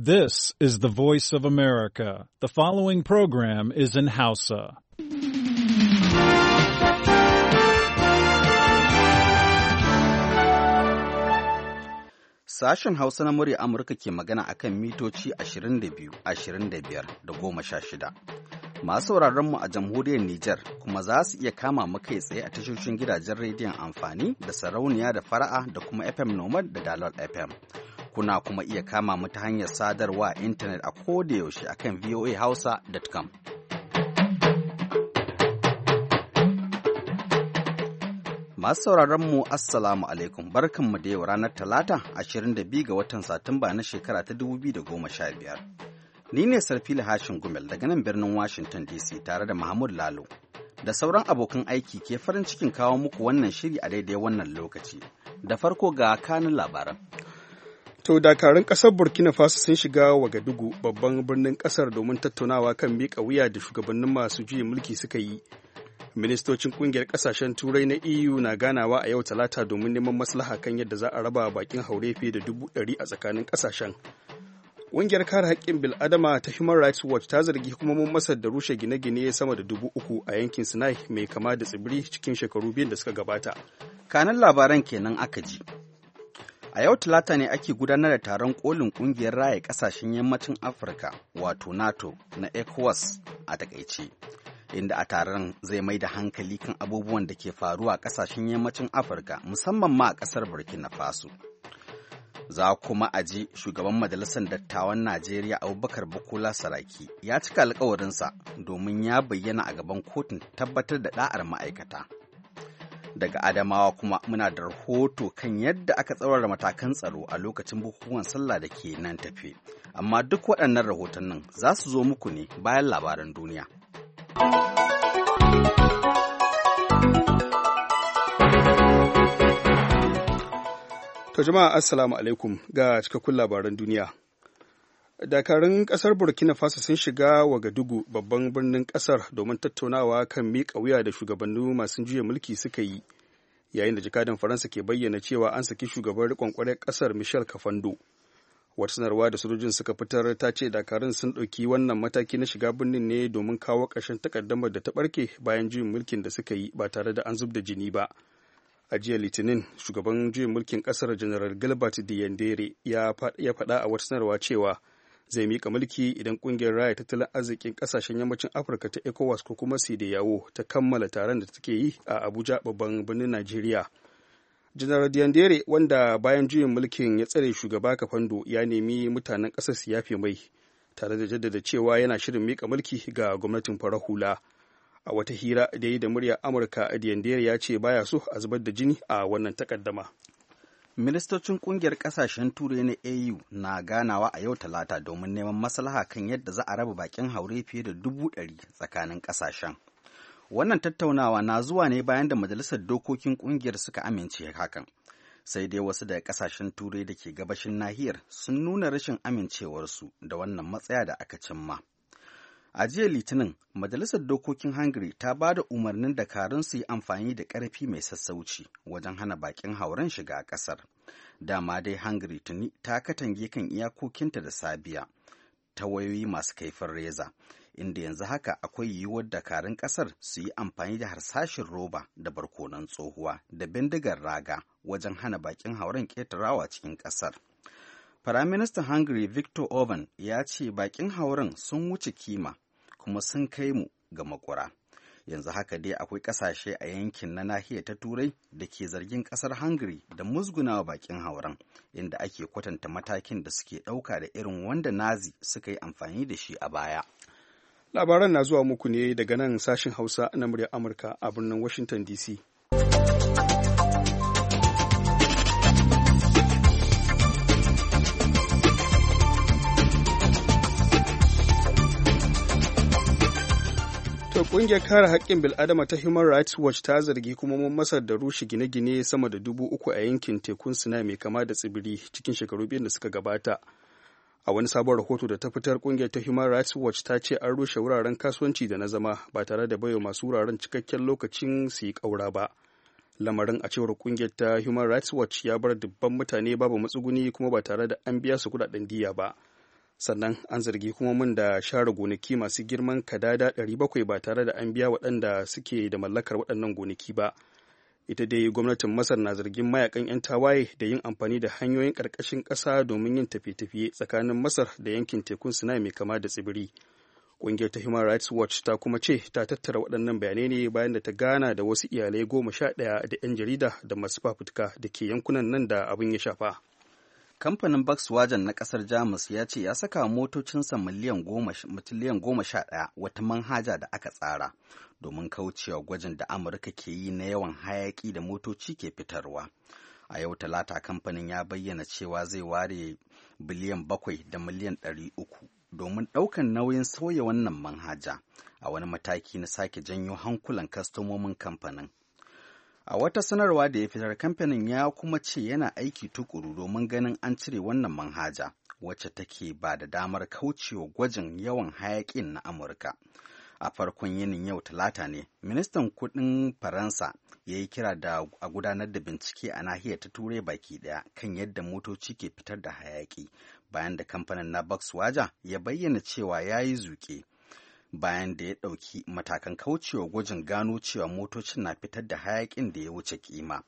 This is the voice of America. The following program is in Hausa. Sashen Hausa na murya Amurka ke magana akan mitoci 22, 25 da 16. Masu mu a jamhuriyar Nijar kuma za su iya kama mu kai tsaye a tashoshin gidajen rediyon amfani da sarauniya da fara'a da kuma FM Nomad da Dalal FM. Kuna kuma iya kama mu ta hanyar sadarwa intanet a kodayaushe a kan voahausa.com. Masu sauraron mu Assalamu alaikum barkanmu da yau ranar Talata 22 ga watan Satumba na shekara ta 2015. Ni ne Sarfila Hashin Gumel daga nan birnin Washington DC tare da Mahmud Lalo. Da sauran abokan aiki ke farin cikin kawo muku wannan shiri a daidai wannan lokaci. Da farko ga kanin labaran. To dakarun ƙasar Burkina Faso sun shiga Wagadugu babban birnin ƙasar domin tattaunawa kan miƙa wuya da shugabannin masu juyin mulki suka yi. Ministocin ƙungiyar ƙasashen Turai na EU na ganawa a yau Talata domin neman maslaha kan yadda za a raba bakin haure fiye da dubu ɗari a tsakanin ƙasashen. Ƙungiyar kare haƙƙin bil'adama ta Human Rights Watch ta zargi hukumomin Masar da rushe gine-gine sama da dubu uku a yankin Sinai mai kama da tsibiri cikin shekaru biyu da suka gabata. Kanan labaran kenan aka ji. A yau Talata ne ake gudanar da taron kolin kungiyar raya kasashen yammacin Afirka wato NATO na ECOWAS a takaice, inda a taron zai mai da hankali kan abubuwan da ke faruwa a kasashen yammacin Afirka musamman ma a kasar Burkina Faso. Za kuma a ji shugaban majalisar dattawan Najeriya Abubakar Bukola Saraki ya cika alkawarinsa domin ya bayyana a gaban kotun tabbatar da da'ar ma'aikata. daga adamawa kuma muna da rahoto kan yadda aka tsaurara matakan tsaro a lokacin bukukuwan sallah da ke nan tafe amma duk waɗannan rahotannin za su zo muku ne bayan labaran duniya to jama'a assalamu alaikum ga cikakkun labaran duniya dakarun kasar burkina faso sun shiga wagadugu babban birnin kasar domin tattaunawa kan miƙa wuya da shugabannin masu juya mulki suka yi yayin da jakadan faransa ke bayyana cewa an saki shugaban rikon kwarai kasar michel kafando wata sanarwa da sojojin suka fitar ta ce dakarun sun ɗauki wannan mataki na shiga birnin ne domin kawo ƙarshen takaddamar da ta ɓarke bayan juyin mulkin da suka yi ba tare da an zub da jini ba a jiya litinin shugaban juyin mulkin ƙasar general gilbert diendere ya faɗa a wata sanarwa cewa zai mika mulki idan kungiyar raya tattalin arzikin kasashen yammacin afirka ta ecowas ko kuma yawo ta kammala taron da take yi a abuja babban birnin najeriya janar diandere wanda bayan juyin mulkin ya tsare shugaba kafando ya nemi mutanen ƙasar su yafe mai tare da jaddada cewa yana shirin mika mulki ga gwamnatin farar hula a wata hira da yi da murya amurka diandere ya ce baya so a zubar da jini a wannan takaddama ministocin kungiyar kasashen turai na au na ganawa a yau talata domin neman maslaha kan yadda za a raba bakin haure fiye da dubu ɗari tsakanin kasashen wannan tattaunawa na zuwa ne bayan da majalisar dokokin kungiyar suka amince hakan sai dai wasu daga kasashen turai da ke gabashin nahiyar sun nuna rashin amincewarsu da wannan matsaya da aka cimma. a jiya litinin majalisar dokokin hungary ta ba da umarnin dakarun su yi amfani da ƙarfi mai sassauci wajen hana bakin hauren shiga ƙasar dama dai hungary tuni ta katange kan iyakokinta da sabiya ta wayoyi masu kaifin reza inda yanzu haka akwai yiwuwar dakarun ƙasar su yi amfani da harsashin roba da barkonon tsohuwa da bindigar raga wajen hana bakin hauren ƙetarawa cikin ƙasar Firaministan Hungary Victor Orban ya ce bakin hauren sun wuce kima kuma sun kai mu ga makura. Yanzu haka dai akwai ƙasashe a yankin na nahiyar ta Turai da ke zargin ƙasar Hungary da musgunawa bakin hauren, inda ake kwatanta matakin da suke ɗauka da irin wanda Nazi suka yi amfani da shi a baya. Labaran na zuwa muku ne daga nan sashin Hausa na muryar Amurka a birnin Washington DC. Ƙungiyar kare haƙƙin bil'adama ta Human Rights Watch ta zargi kuma mun Masar da rushe gine-gine sama da dubu uku a yankin tekun Sinai mai kama da tsibiri cikin shekaru biyu da suka gabata. A wani sabon rahoto da ta fitar ƙungiyar ta Human Rights Watch ta ce an rushe wuraren kasuwanci da na zama ba tare da baiwa masu wuraren cikakken lokacin su yi ƙaura ba. Lamarin a cewar ƙungiyar ta Human Rights Watch ya bar dubban mutane babu matsuguni kuma ba tare da an biya su kuɗaɗen diya ba. sannan an zargi kuma mun da share gonaki masu girman kadada 700 ba tare da an biya waɗanda suke da mallakar waɗannan gonaki ba ita dai gwamnatin masar na zargin mayakan 'yan tawaye da yin amfani da hanyoyin ƙarƙashin ƙasa domin yin tafiye-tafiye tsakanin masar da yankin tekun sinai mai kama da tsibiri ƙungiyar ta human rights watch ta kuma ce ta tattara waɗannan bayanai ne bayan da ta gana da wasu iyalai goma sha ɗaya da 'yan jarida da masu fafutuka da ke yankunan nan da abin ya shafa kamfanin Volkswagen na kasar Jamus ya ce ya saka motocinsa miliyan goma sha ɗaya wata manhaja da aka tsara domin kaucewa gwajin da Amurka ke yi na yawan hayaƙi da motoci ke fitarwa. A yau talata kamfanin ya bayyana cewa zai ware biliyan bakwai da miliyan ɗari uku domin ɗaukan nauyin sauya wannan manhaja a wani mataki na sake janyo hankulan kastomomin kamfanin. A wata sanarwa da ya fitar kamfanin ya kuma ce yana aiki tukuru domin ganin an cire wannan manhaja wacce take ba da damar kaucewa gwajin yawan hayaƙin na Amurka. A farkon yinin yau talata ne, ministan Kuɗin Faransa ya yi kira da a gudanar da bincike a nahiyar ta turai baki ɗaya kan yadda motoci ke fitar da hayaƙi bayan da kamfanin na waja ya bayyana cewa ya yi zuƙe. bayan da ya ɗauki matakan kaucewa gwajin gano cewa motocin na fitar da hayakin da ya wuce kima.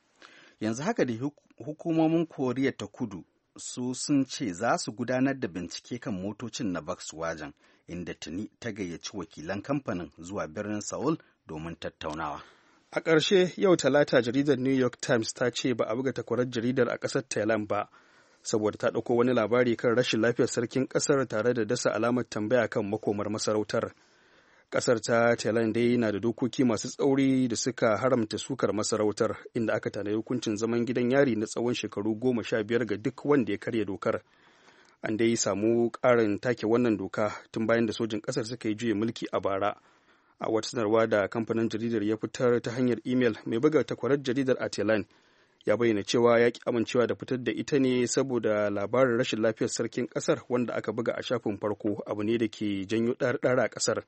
Yanzu haka da hukumomin Koriya ta kudu su sun ce za su gudanar da bincike kan motocin na Volkswagen inda tuni ta gayyaci wakilan kamfanin zuwa birnin Seoul domin tattaunawa. A ƙarshe yau talata jaridar New York Times ta ce ba a buga takwarar jaridar a ƙasar Thailand ba, saboda ta ɗauko wani labari kan rashin lafiyar sarkin ƙasar tare da dasa alamar tambaya kan makomar masarautar. Ƙasar ta Thailand dai na da dokoki masu tsauri da suka haramta sukar masarautar inda aka tanadi hukuncin zaman gidan yari na tsawon shekaru goma sha biyar ga duk wanda ya karya dokar. An dai samu ƙarin take wannan doka tun bayan da sojin ƙasar suka yi juya mulki a bara. A wata sanarwa da kamfanin jaridar ya fitar ta hanyar imel mai buga takwarar jaridar a Thailand ya bayyana cewa ya ki amincewa da fitar da ita ne saboda labarin rashin lafiyar sarkin ƙasar wanda aka buga a shafin farko abu ne da ke janyo ɗarɗara a ƙasar.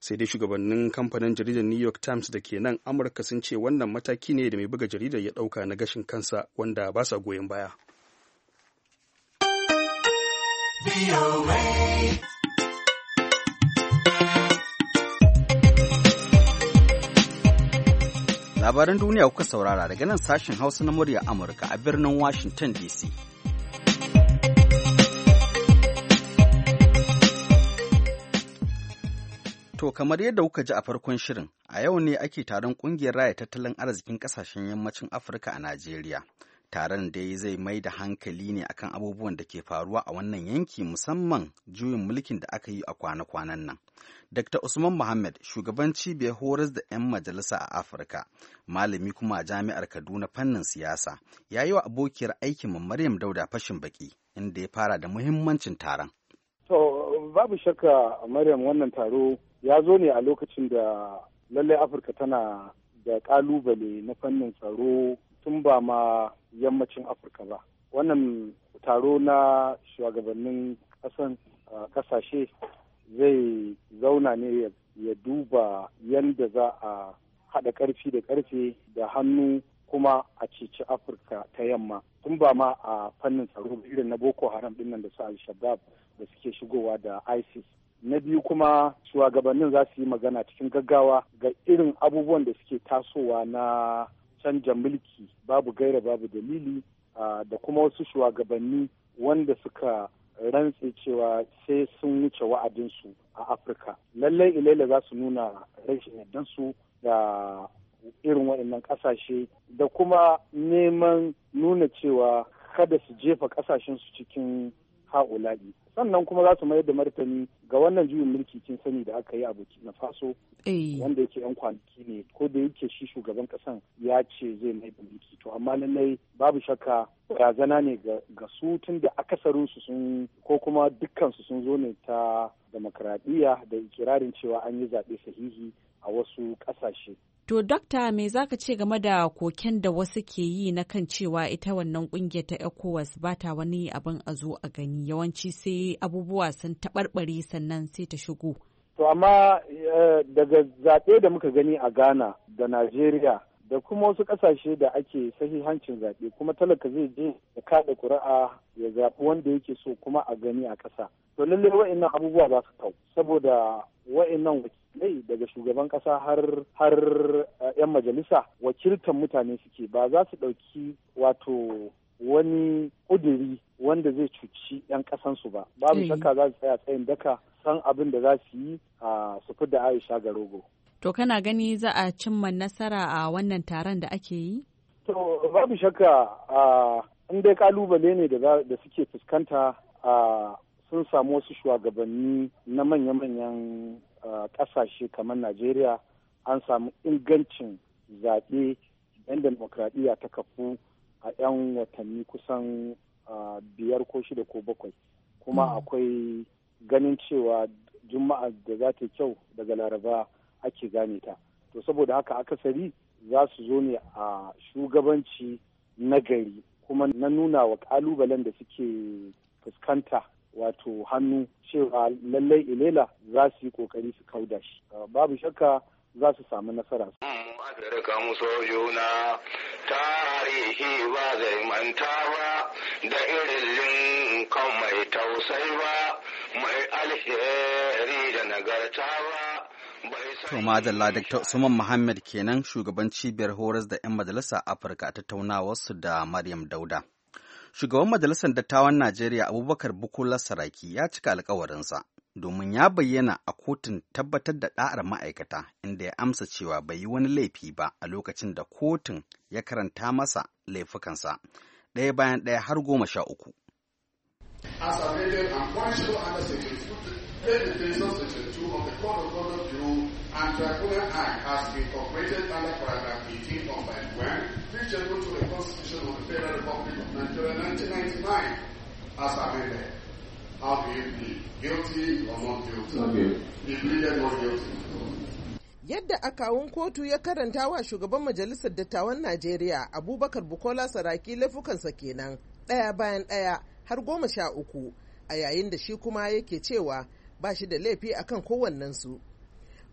sai dai shugabannin kamfanin jaridar new york times da ke nan amurka sun ce wannan mataki ne da mai buga jaridar ya ɗauka na gashin kansa wanda ba sa goyon baya labaran duniya kuka saurara daga nan sashen hausa na murya amurka a birnin washington dc To kamar yadda kuka ji a farkon shirin, a yau ne ake taron ƙungiyar raya tattalin arzikin ƙasashen yammacin Afirka a Najeriya. Taron dai zai mai da hankali ne akan abubuwan da ke faruwa a wannan yanki musamman juyin mulkin da aka yi a kwana-kwanan nan. Dr. Usman Muhammad, shugaban cibiyar horas da 'yan majalisa a Afirka, malami kuma a jami'ar Kaduna fannin siyasa, ya yi wa abokiyar aikin Maryam Dauda fashin baki, inda ya fara da muhimmancin taron. To, babu shakka Maryam wannan taro ya zo ne a lokacin da lallai afirka tana da kalubale na fannin tsaro tun ba ma yammacin afirka ba wannan taro na shugabannin kasan kasashe zai zauna ne ya duba yadda za a haɗa ƙarfi da ƙarfe da hannu kuma a ceci afirka ta yamma tun ba ma a fannin tsaro irin na boko haram ɗinnan da su al da suke shigowa da isis na biyu kuma shugabannin za su yi magana cikin gaggawa ga irin abubuwan da suke tasowa na canja mulki babu gaira babu dalili da kuma wasu shugabanni wanda suka rantse cewa sai sun wuce wa'adinsu a afirka lallai ilaila za su nuna rashin yardansu da irin waɗannan ƙasashe da kuma neman nuna cewa kada su jefa ƙasashensu cikin ha'ula'i sannan kuma za su mayar da martani ga wannan juyin mulki cin sani da aka yi a burkina faso eh. wanda yake yan kwanaki ne ko da yake shi shugaban kasan ya ce zai mai da mulki to amma lallai babu shakka barazana ne ga su tun da su sun ko kuma dukkansu sun zo ne ta demokradiyya da ikirarin cewa an yi zaɓe sahihi a wasu ƙasashe To, dokta me za ka ce game da koken da wasu ke yi na kan cewa ita wannan kungiyar ta ECOWAS ba ta wani abin a zo a gani yawanci sai abubuwa sun taɓarɓare sannan sai ta shigo. To, amma eh, daga zaɓe da muka gani a Ghana da Najeriya da kuma wasu kasashe da ake sahi hancin zaɓe kuma talaka zai je ya kaɗa ƙuri'a ya zaɓi wanda yake so kuma a gani a ƙasa to lallai wa'annan abubuwa ba su kau saboda wa'annan wakilai daga shugaban ƙasa har har yan eh, majalisa wakiltan mutane suke ba za su ɗauki wato wani ƙuduri wanda zai cuci 'yan ƙasansu ba babu eh. shakka za su tsaya tsayin daka san abin da za su yi a ah, su da aisha ga rogo To kana gani za a cimma nasara a wannan taron da ake yi? To babu shakka in dai kalubale ne da suke fuskanta a sun samu wasu shugabanni na manya-manyan ƙasashe kamar Najeriya an samu ingancin zaɓe yan demokradiyya ta kafu a 'yan watanni kusan biyar ko shida ko bakwai kuma mm. akwai ganin cewa juma'a da za ta kyau daga laraba ake gane ta to saboda haka akasari za su zo ne a shugabanci na gari kuma na nuna wa kalubalen da suke fuskanta wato hannu cewa lallai ilela za su yi kokari su kauda shi uh, babu shakka za su samu nasara. Afirkan juna tarihi ba zai manta ba da irin mai tausai ba mai alheri da nagarta ba. To madalla Dr. Usman Muhammad kenan shugaban cibiyar horas da 'yan majalisa Afirka tattaunawarsu da Maryam Dauda. Shugaban majalisar dattawan Najeriya Abubakar Bukola Saraki ya cika alkawarinsa domin ya bayyana a kotun tabbatar da ɗa'ar ma'aikata inda ya amsa cewa bai yi wani laifi ba a lokacin da kotun ya karanta masa laifukansa ɗaya bayan ɗaya har goma sha uku. pay the attention the two of the Code of Conduct Bureau and Tribunal Act has been incorporated under paragraph 18 of which 1, applicable to the Constitution of the Federal Republic of Nigeria in 1999 as amended. How do you plead? Guilty or not guilty? Okay. You pleaded not guilty. Yadda akawun kotu ya karanta wa shugaban majalisar dattawan Najeriya Abubakar Bukola Saraki laifukansa kenan ɗaya bayan ɗaya har goma sha uku a yayin da shi kuma yake cewa ba shi da laifi a kan kowannensu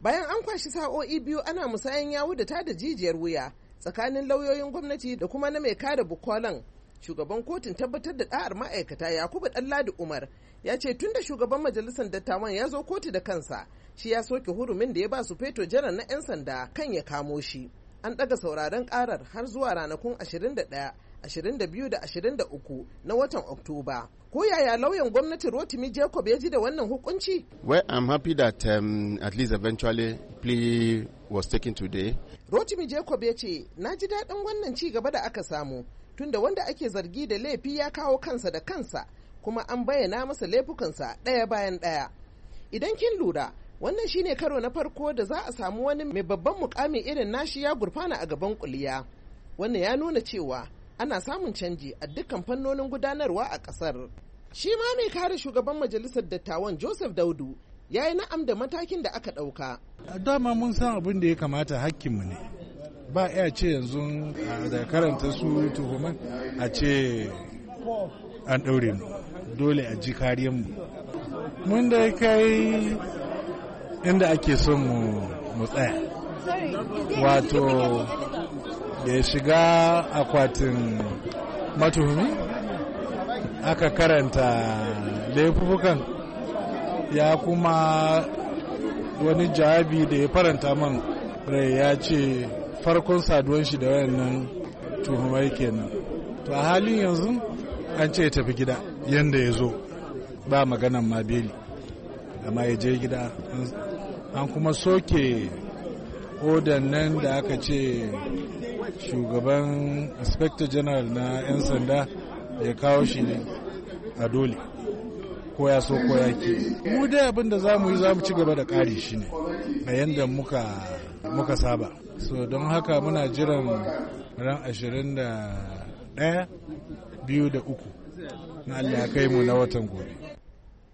bayan an kwashi sa'o'i biyu ana musayan wudata da jijiyar wuya tsakanin lauyoyin gwamnati da kuma na mai kare bukolan shugaban kotun tabbatar da da'ar ma'aikata yakubu ɗanladi umar ya ce tunda shugaban majalisar dattawan ya zo kotu da kansa shi ya soke hurumin da ya ba su feto janar na 'yan sanda kan ya kamo shi an ɗaga sauraron ƙarar har zuwa ranakun 21 22 da 23 na watan Oktoba. Ko yaya lauyan gwamnati Rotimi Jacob ya ji da wannan hukunci? Well, I'm happy that um, at least eventually plea was taken today. Rotimi Jacob ya ce, na ji daɗin wannan ci gaba da aka samu, tunda wanda ake zargi da laifi ya kawo kansa da kansa, kuma an bayyana masa laifukansa ɗaya bayan ɗaya. Idan kin lura, wannan shine karo na farko da za a samu wani mai babban mukami irin nashi ya gurfana a gaban kuliya. Wannan ya nuna cewa ana samun canji a dukkan fannonin gudanarwa a ƙasar. Shi ma mai kare shugaban majalisar dattawan Joseph Daudu ya yi na'am da matakin da aka ɗauka. Dama mun san abin da ya kamata hakkinmu ne. Ba iya ce yanzu da karanta su tuhuman a ce an ɗaure mu. Dole a ji kariyanmu. Mun da kai inda ake son mu tsaya. Wato ya shiga akwatin matuhumi aka karanta laifukan ya kuma wani jawabi da ya faranta man rai ya ce farkon saduwan shi da wayannan tuhumai kenan to a halin yanzu an ce ya tafi gida yadda ya zo ba maganan ma beli amma ya je gida an kuma soke odan nan da aka ce shugaban inspector general na 'yan sanda ya kawo shi ne a dole ko ya so ko ya ke mu dai abin da za mu yi za mu ci gaba da ƙari shi ne a yadda muka saba so don haka muna jiran ran ashirin biyu da uku na allah ya kai mu na watan gobe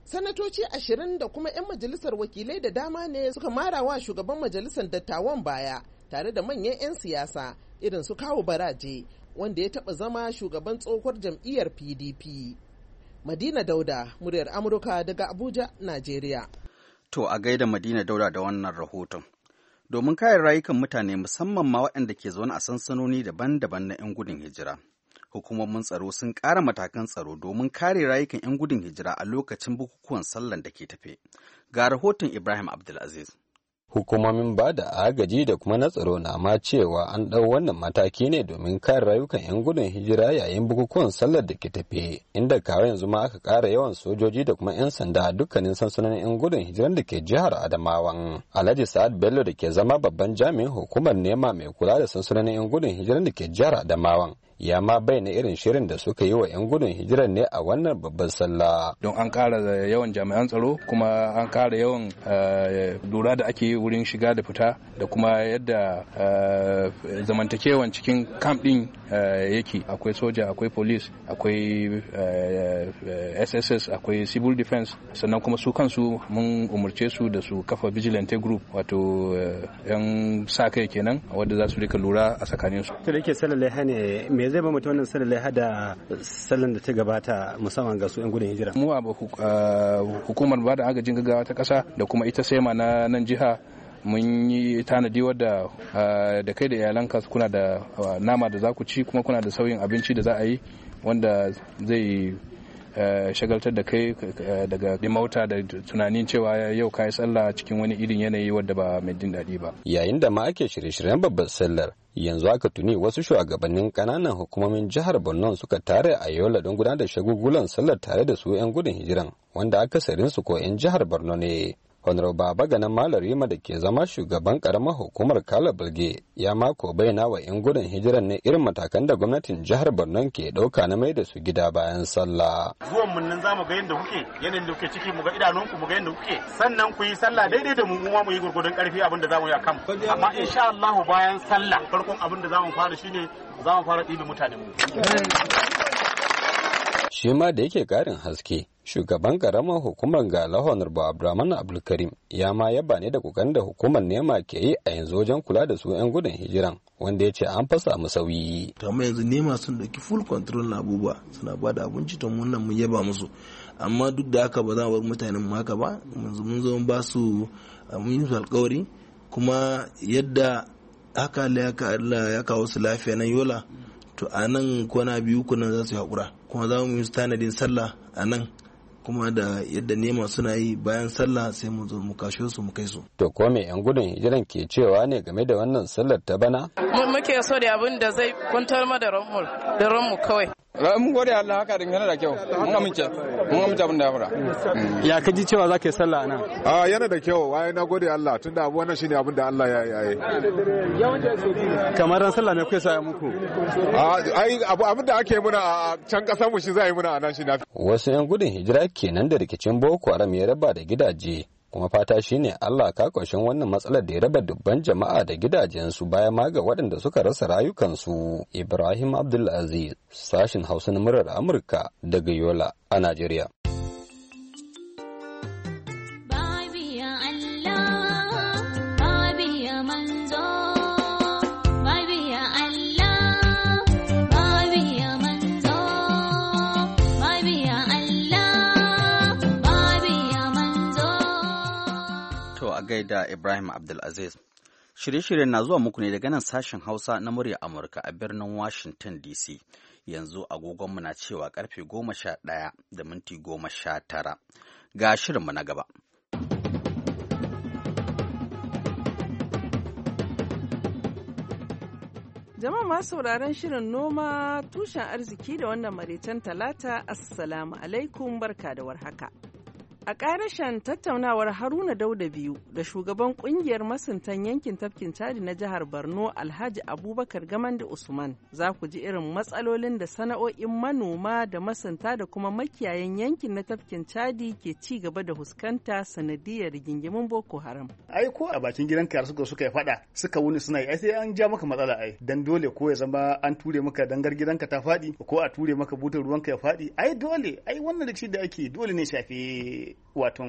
sanatoci ashirin da kuma 'yan majalisar wakilai da dama ne suka mara wa shugaban majalisar dattawan baya tare da manyan 'yan siyasa irin su kawo baraje wanda ya taɓa zama shugaban tsohuwar jam'iyyar pdp madina dauda muryar amurka daga abuja najeriya to a gaida madina dauda da wannan rahoton domin kare rayukan mutane musamman ma waɗanda ke zaune a sansanoni daban-daban na 'yan gudun hijira hukumomin tsaro sun ƙara matakan tsaro domin kare rayukan 'yan gudun hijira a lokacin bukukuwan sallan da ke tafe ga rahoton ibrahim abdulaziz hukumomin ba da agaji da kuma na tsaro na ma cewa an ɗau wannan mataki ne domin kare rayukan 'yan gudun hijira yayin bukukuwan sallar da ke tafe inda kawo yanzu ma aka ƙara yawan sojoji da kuma 'yan sanda a dukkanin sansanin 'yan gudun hijiran da ke jihar adamawan alhaji sa'ad bello da ke zama babban jami'in hukumar nema mai kula da sansanin 'yan gudun hijiran da ke jihar adamawan ya ma bayyana irin shirin da suka yi wa 'yan gudun hijirar ne a wannan babban sallah. Don an kara yawan jami'an tsaro kuma an ƙara yawan eh, lura da ake wurin shiga da fita da kuma yadda eh, zamantakewan cikin camp ɗin eh, yake akwai soja akwai police akwai sss akwai civil defense sannan kuma su kansu mun umarce su da su kafa vigilante group wato 'yan sa kai kenan wadda za su rika lura a tsakaninsu. Ta da ke bazai zai ba mutum wannan sanin ya hada sallan da ta gabata musamman ga su 'yan gudun hijira mu a hukumar ba da agajin gaggawa ta kasa da kuma ita sema na nan jiha mun yi tanadi wadda da kai da iyalanka kuna da nama da za ku ci kuma kuna da sauyin abinci da za a yi wanda zai Eh, shagaltar da kai eh, daga dimauta da tunanin cewa yau ka yi sallah cikin wani irin yanayi wadda ba mai jin daɗi ba yayin da ma ake shirye-shiryen babbar sallar yanzu aka tuni wasu shugabannin kananan hukumomin jihar borno suka tare a yola don gudanar da shagugulan sallar tare da su 'yan gudun hijiran wanda su ko 'yan jihar borno ne honorable baba ganin malar rima da ke zama shugaban karamar hukumar kala Bilge ya mako bayyana wa yan gudun hijiran ne irin matakan da gwamnatin jihar borno ke ɗauka na mai da su gida bayan sallah zuwan mun nan zamu ga yadda kuke yanayin da kuke ciki mu ga idanunku mu ga yanda kuke sannan ku yi sallah daidai da mu kuma mu yi gurgurdun karfi abin da zamu yi akan amma insha Allah bayan sallah farkon abin da zamu fara shine zamu fara ɗibi mutanen mu shi ma da yake karin haske shugaban karamar hukumar lahonar ba abdulrahman abdulkarim ya ma yaba ne da kokarin da hukumar nema ke yi a yanzu wajen kula da su yan gudun hijiran wanda ya ce an fasa mu sauyi amma yanzu nema sun dauki full control na abubuwa suna ba da abinci to mun mun yaba musu amma duk da haka ba za mu bar mutanen mu haka ba mun zo ba su mun yi alkawari kuma yadda haka Allah ya kawo su lafiya nan yola to a nan kwana biyu kuna za su haƙura kuma za mu yi tanadin sallah a nan kuma da yadda nema suna yi bayan sallah sai mu zo mu kashe su mu kai su to ko me yan gudun hijiran ke cewa ne game da wannan sallar ta bana muke so da abin da zai kwantar ma da da ranmu kawai Eh, mun gode Allah haka dangane da kyau mun amince mun amince abin da ya fara mm. ya ka ji cewa zaka yi sallah nan a ah, yana da kyau ai na gode Allah tunda abu wannan shine abin da Allah ya yi kamar ran sallah me kuke saya muku ah, ai abu abin da ake muna a can kasar mu shi zai yi muna a nan shi na wasu yan gudun hijira kenan da rikicin Boko Haram ya raba da gidaje kuma fata shi ne Allah ka kwashin wannan matsalar da ya raba dubban jama'a da gidajensu baya ma ga waɗanda suka rasa rayukansu Ibrahim Abdulaziz sashin Hausa na murar Amurka daga Yola a Najeriya gaida Ibrahim Abdulaziz. Shirye-shiryen na zuwa muku ne daga nan sashen Hausa na murya Amurka a birnin Washington DC. Yanzu agogonmu na cewa karfe goma sha ɗaya da minti goma sha tara. Ga shirinmu na gaba. Jama'a masu sauraron shirin noma tushen arziki da wannan maritan talata Assalamu alaikum barka da warhaka. A ƙarashen tattaunawar Haruna Dauda biyu da shugaban ƙungiyar masuntan yankin tafkin cadi na jihar Borno Alhaji Abubakar Gamandi Usman za ku ji irin matsalolin da sana'o'in manoma da masunta da kuma makiyayan yankin na tafkin cadi ke ci gaba da huskanta sanadiyar gingimin Boko Haram. Ai ko a bakin gidan ka suka suka faɗa suka wuni suna yi sai an ja maka matsala ai dan dole ko ya zama an ture maka dangar gidanka ta faɗi ko a ture maka butar ruwanka ya faɗi ai dole ai wannan rikici da ake dole ne shafe wato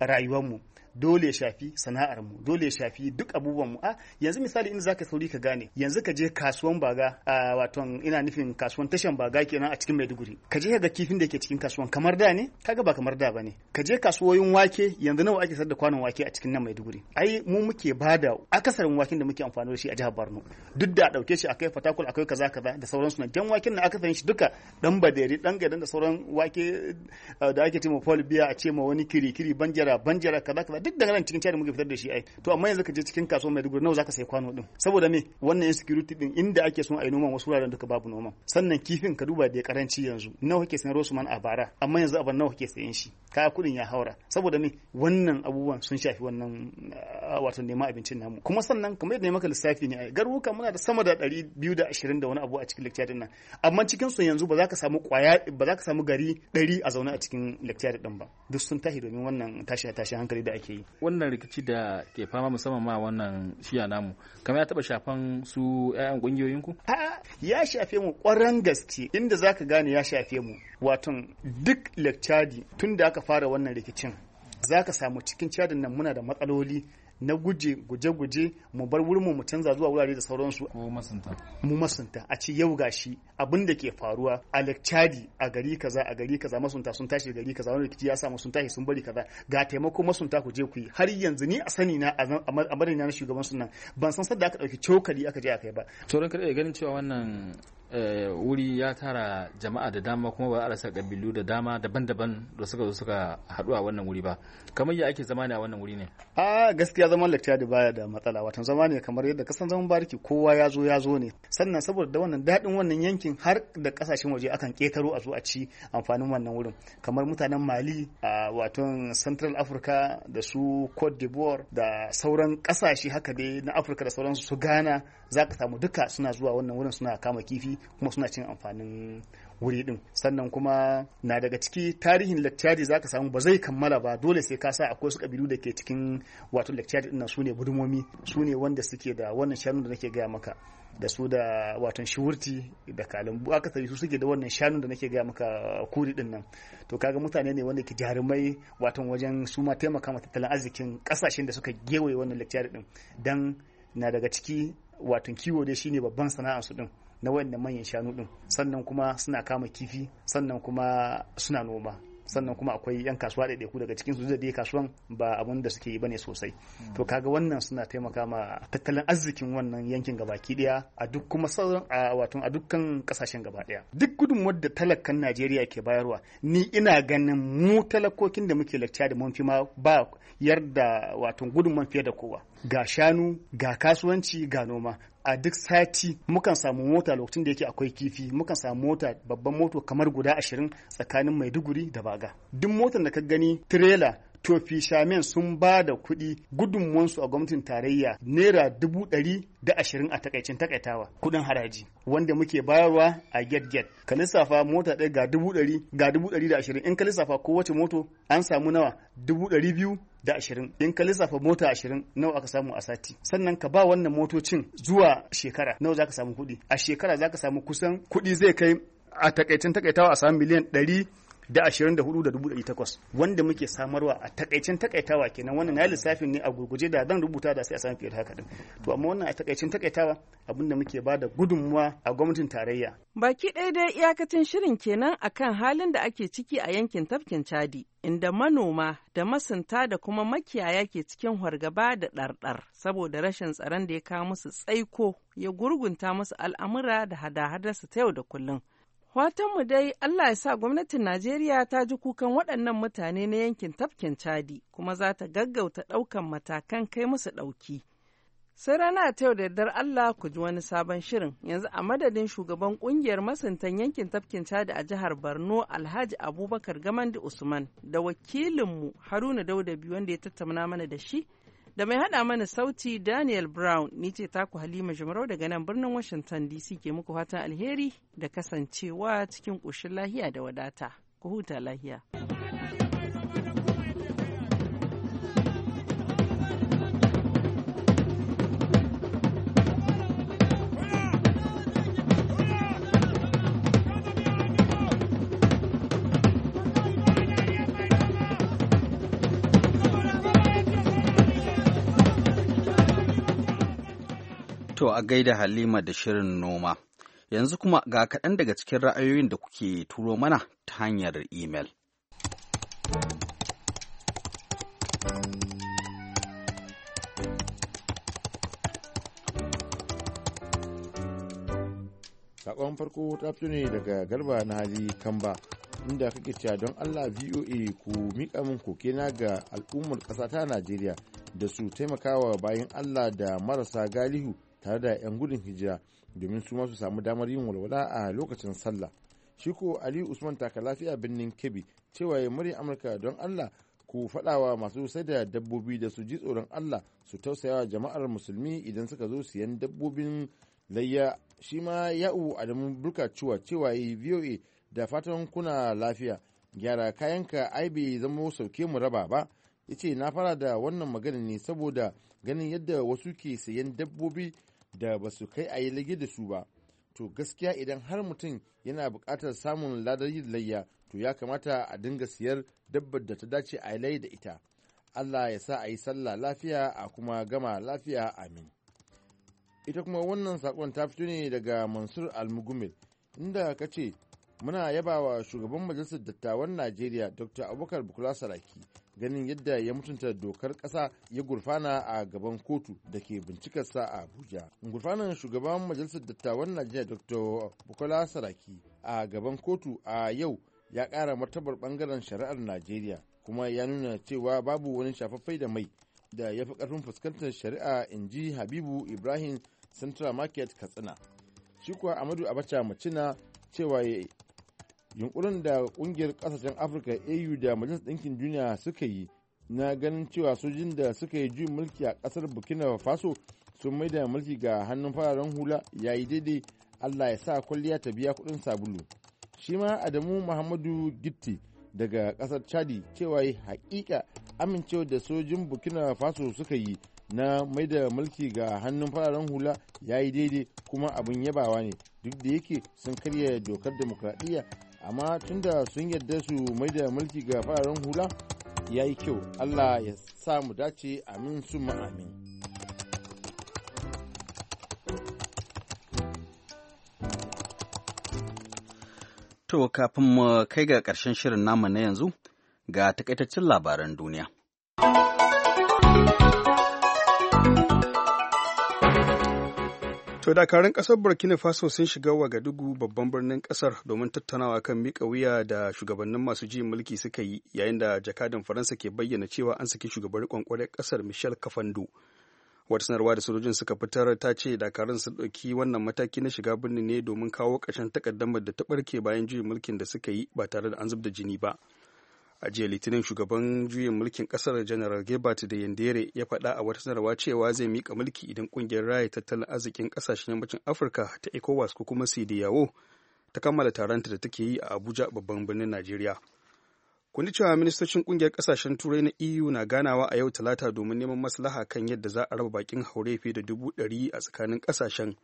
rayuwarmu dole ya shafi sana'ar mu dole ya shafi duk abubuwan mu a yanzu misali in zaka sauri ka gane yanzu ka je kasuwan baga a waton ina nufin kasuwan tashan baga kenan a cikin Maiduguri ka je ga kifin da yake cikin kasuwan kamar da ne kaga ba kamar da bane ka je kasuwoyin wake yanzu nawa ake sayar da kwanon wake a cikin nan Maiduguri ai mu muke bada akasarin waken da muke amfani da shi a jihar Borno duk da a dauke shi akai fatakul akai kaza kaza da sauransu na jan waken na akasarin shi duka dan baderi dan gaidan da sauran wake eh, da ake cewa polbia a ce ma wani kiri kiri banjara banjara kaza kaza duk daga nan cikin Chad muke fitar da shi ai to amma yanzu ka je cikin kasuwar Maiduguri nawa zaka sai kwano din saboda me wannan insecurity din inda ake son ai noman wasu wuraren duka babu noma sannan kifin ka duba da ya karanci yanzu nawa kake sayan Rosman a bara amma yanzu abin nawa kake sayan shi ka kudin ya haura saboda me wannan abubuwan sun shafi wannan wato neman abincin namu kuma sannan kamar yadda maka lissafi ne ai garuruka muna da sama da 220 da wani abu a cikin lecture din nan amma cikin su yanzu ba za ka samu kwaya ba za ka samu gari 100 a zaune a cikin lecture din ba duk sun tashi domin wannan tashi tashi hankali da ake ake wannan rikici da ke fama musamman ma wannan shiya namu kamar ya taba shafan su 'ya'yan ƙungiyoyinku. ku ya shafe mu kwaran gaske inda zaka gane ya shafe mu waton duk lectadi tun da aka fara wannan rikicin zaka samu cikin cadin nan muna da matsaloli na guje guje-guje mu bar wurin mu canza zuwa wurare da sauransu ko masunta mu masunta a ce yau gashi abin da ke faruwa a lakcadi a gari kaza a gari kaza masunta sun tashi gari kaza wani rikici ya samu sun tashi sun bari kaza ga taimako masunta ku je ku yi har yanzu ni a sani na a madadin na shugaban sunan ban san sadda aka dauki cokali aka je aka yi ba sauran kada ganin cewa wannan Eh, wuri ya tara jama'a da dama kuma ba a rasa kabilu da dama daban-daban da suka zo suka haɗu a wannan wuri ba kamar ya ake zama ne a wannan wuri ne a gaskiya zaman lakciya da baya da matsala watan zama ne kamar yadda kasan zaman bariki kowa ya zo ya zo ne sannan saboda da wannan daɗin wannan yankin har da ƙasashen waje akan ƙetaro a zo a ci amfanin wannan wurin kamar mutanen mali a watan central africa da su cote d'ivoire da sauran ƙasashe haka dai na afirka da sauransu su ghana za ka samu duka suna zuwa wannan wurin suna kama kifi kuma suna cin amfanin wuri din sannan kuma na daga ciki tarihin za zaka samu ba zai kammala ba dole sai ka sa akwai su kabilu da ke cikin wato lecture din su ne burmomi su ne wanda suke da wannan shanu da nake gaya maka da su da watan shiwurti da kalambu aka su suke da wannan shanu da nake gaya maka uh, kuri din nan to kaga mutane ne wanda ke jarumai watan wajen su ma taimaka ma tattalin arzikin kasashen da suka gewaye wannan lecture din dan na daga ciki watan kiwo dai shine babban sana'ar su din na wayannan manyan shanu din sannan kuma suna kama kifi sannan kuma suna noma sannan kuma akwai yan kasuwa da ku daga cikin su da dai kasuwan ba abun da suke yi bane sosai hmm. to kaga wannan suna taimaka ma tattalin arzikin wannan yankin gabaki daya a duk kuma sauran a wato a dukkan kasashen gaba daya duk gudunmuwar da talakan Najeriya ke bayarwa ni ina ganin mu talakokin da muke lakciya da mun fi ma ba yarda wato gudun fiye da kowa ga shanu ga kasuwanci ga noma a duk sati mukan samu mota lokacin da yake akwai kifi mukan samu mota babban moto kamar guda ashirin tsakanin maiduguri da baga duk motar da ka gani tirela tofi shamen sun ba da kuɗi gudunmuwansu a gwamnatin tarayya naira dubu ɗari da ashirin a takaicin takaitawa kuɗin haraji wanda muke bayarwa a get get ka lissafa mota ɗaya ga dubu ɗari ga dubu ɗari da ashirin in ka lissafa kowace moto an samu nawa dubu ɗari biyu da ashirin in ka lissafa mota ashirin nawa aka samu a sati sannan ka ba wannan motocin zuwa shekara nawa za ka samu kuɗi a shekara za ka samu kusan kuɗi zai kai a takaicin takaitawa a samu miliyan ɗari da ashirin da da hudu dubu takwas wanda muke samarwa a takaicin takaitawa kenan wannan na lissafin ne a gurguje da zan rubuta da sai a samu fiye da haka din to amma wannan a takaicin takaitawa abin da muke bada gudunmuwa a gwamnatin tarayya baki ɗaya dai iyakacin shirin kenan akan halin da ake ciki a yankin tafkin Chadi inda manoma da masunta da kuma makiyaya ke cikin hargaba da ɗarɗar saboda rashin tsaron da ya kawo musu tsaiko ya gurgunta musu al'amura da hada-hadarsu ta yau da kullum. mu dai Allah ya sa gwamnatin Najeriya ta ji kukan waɗannan mutane na yankin tafkin Chadi kuma za ta gaggauta ɗaukan matakan kai musu ɗauki. Sai rana ta yau da yardar Allah ku ji wani sabon shirin yanzu a madadin shugaban kungiyar masuntan yankin tafkin Chadi a jihar Borno Alhaji Abubakar Gamandi Usman da wakilinmu Haruna Dauda biyu wanda ya tattauna mana da shi. da mai hada mana sauti Daniel Brown ni ce taku Halima jimarau daga nan birnin Washington DC ke muku fatan alheri da kasancewa cikin ƙoshin lahiya da wadata. Ku huta lahiya. To a gaida Halima da shirin noma. Yanzu kuma ga kaɗan daga cikin ra'ayoyin da kuke turo mana ta hanyar imel. saƙon farko ta fito ne daga garba na kamba inda kake cewa don Allah VOA ku miƙa min kokena ga al'ummar ƙasa ta Najeriya da su taimakawa bayan Allah da marasa galihu tare da 'yan gudun hijira domin su masu samu damar yin walwala a lokacin sallah shi ko ali usman taka lafiya birnin kebbi cewa ya muri amurka don allah ku fadawa masu sai da dabbobi da su ji tsoron allah su tausayawa jama'ar musulmi idan suka zo siyan dabbobin layya shi ma ya'u adamu burka cewa cewa voa da fatan kuna lafiya gyara kayanka ai bai zama sauke mu raba ba ya ce na fara da wannan magana ne saboda ganin yadda wasu ke sayan dabbobi da ba su kai a yi lage da su ba to gaskiya idan har mutum yana buƙatar samun ladar yin layya to ya kamata a dinga siyar dabbar da ta dace a yi da ita Allah ya sa a yi sallah lafiya a kuma gama lafiya amin ita kuma wannan saƙon ta fito ne daga mansur almugumil inda ka ce muna yaba wa shugaban majalisar dattawan najeriya dr abubakar bukula saraki ganin yadda ya mutunta dokar ƙasa ya gurfana a gaban kotu da ke bincikarsa a abuja gurfanan shugaban majalisar dattawan najeriya dr bukula saraki a gaban kotu a yau ya kara martabar bangaren shari'ar najeriya kuma ya nuna cewa babu wani shafaffai da mai da ya fi ƙarfin fuskantar shari'a in ji habibu ibrahim central market katsina shi kuwa amadu abacha macina cewa yunkurin da kungiyar kasashen afirka au da majalisar ɗinkin duniya suka yi na ganin cewa sojin da suka yi juyin mulki a ƙasar burkina faso sun mai da mulki ga hannun fararen hula ya yi daidai allah ya sa kwalliya ta biya kuɗin sabulu shi ma adamu muhammadu gitti daga ƙasar chadi cewa yi haƙiƙa amincewa da sojin burkina faso suka yi na mai da mulki ga hannun fararen hula ya yi daidai kuma abin yabawa ne duk da yake sun karya dokar demokradiyya amma tunda sun yadda su mai da mulki ga fararen hula ya yi kyau allah ya sa mu dace amin su amin To kafin mu kai ga ƙarshen shirin namu na yanzu ga takaitaccen labaran duniya. To dakarun kasar Burkina Faso sun shiga wa Wagadugu babban birnin kasar domin tattaunawa kan mika wuya da shugabannin masu ji mulki suka yi yayin da jakadan Faransa ke bayyana cewa an saki shugaban kwankwarar kasar Michel Kafando. Wata sanarwa da sojojin suka fitar ta ce dakarun sun ɗauki wannan mataki na shiga birnin ne domin kawo ƙarshen takaddamar da ta ɓarke bayan juyin mulkin da suka yi ba tare da an zub jini ba. a jiya litinin shugaban juyin mulkin kasar janar gilbert da yandere ya fada a wata sanarwa cewa zai mika mulki idan kungiyar raya tattalin arzikin kasashen yammacin afirka ta ecowas ko kuma yawo ta kammala taronta da take yi a abuja babban birnin najeriya kun cewa ministocin kungiyar kasashen turai na eu na ganawa a yau talata domin neman maslaha kan yadda za a raba bakin haure fiye da dubu ɗari a tsakanin kasashen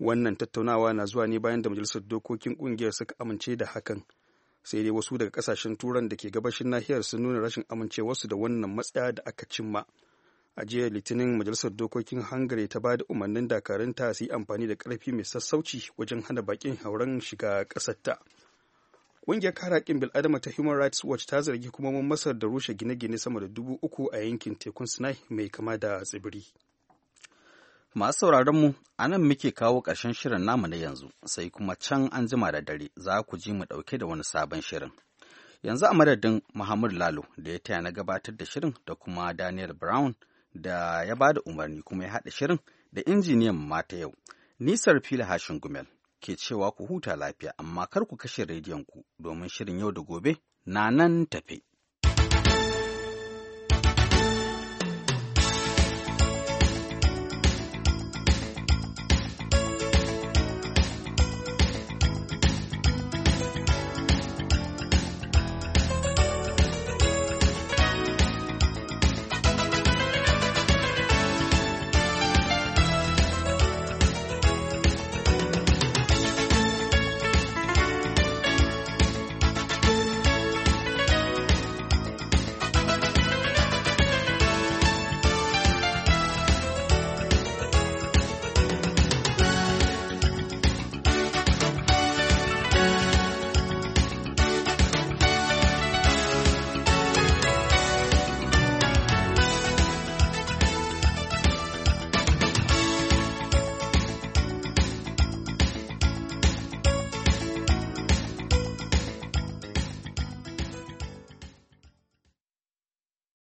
wannan tattaunawa na zuwa ne bayan da majalisar dokokin kungiyar suka amince da hakan sai dai wasu daga kasashen turan da ke gabashin nahiyar sun nuna rashin amincewarsu da wannan matsaya da aka cimma a jiya litinin majalisar dokokin hangare ta ba da umarnin dakarunta su yi amfani da karfi mai sassauci wajen hana bakin hauren shiga ƙasarta ƙungiyar kare haƙƙin bil'adama ta human rights watch ta zargi mun masar da rushe gine-gine sama da dubu uku a yankin tekun sinai mai kama da tsibiri Masu sauraron mu a nan muke kawo ƙarshen shirin namu na yanzu sai kuma can an jima da dare za ku ji mu ɗauke da wani sabon shirin. Yanzu a madadin Muhammadu Lalo da ya taya na gabatar da shirin da kuma Daniel Brown da ya ba da umarni kuma ya haɗa shirin da injiniyan mata yau. Nisar fili hashin gumel ke cewa ku huta lafiya amma kar ku kashe rediyon ku domin shirin yau da gobe na nan tafe.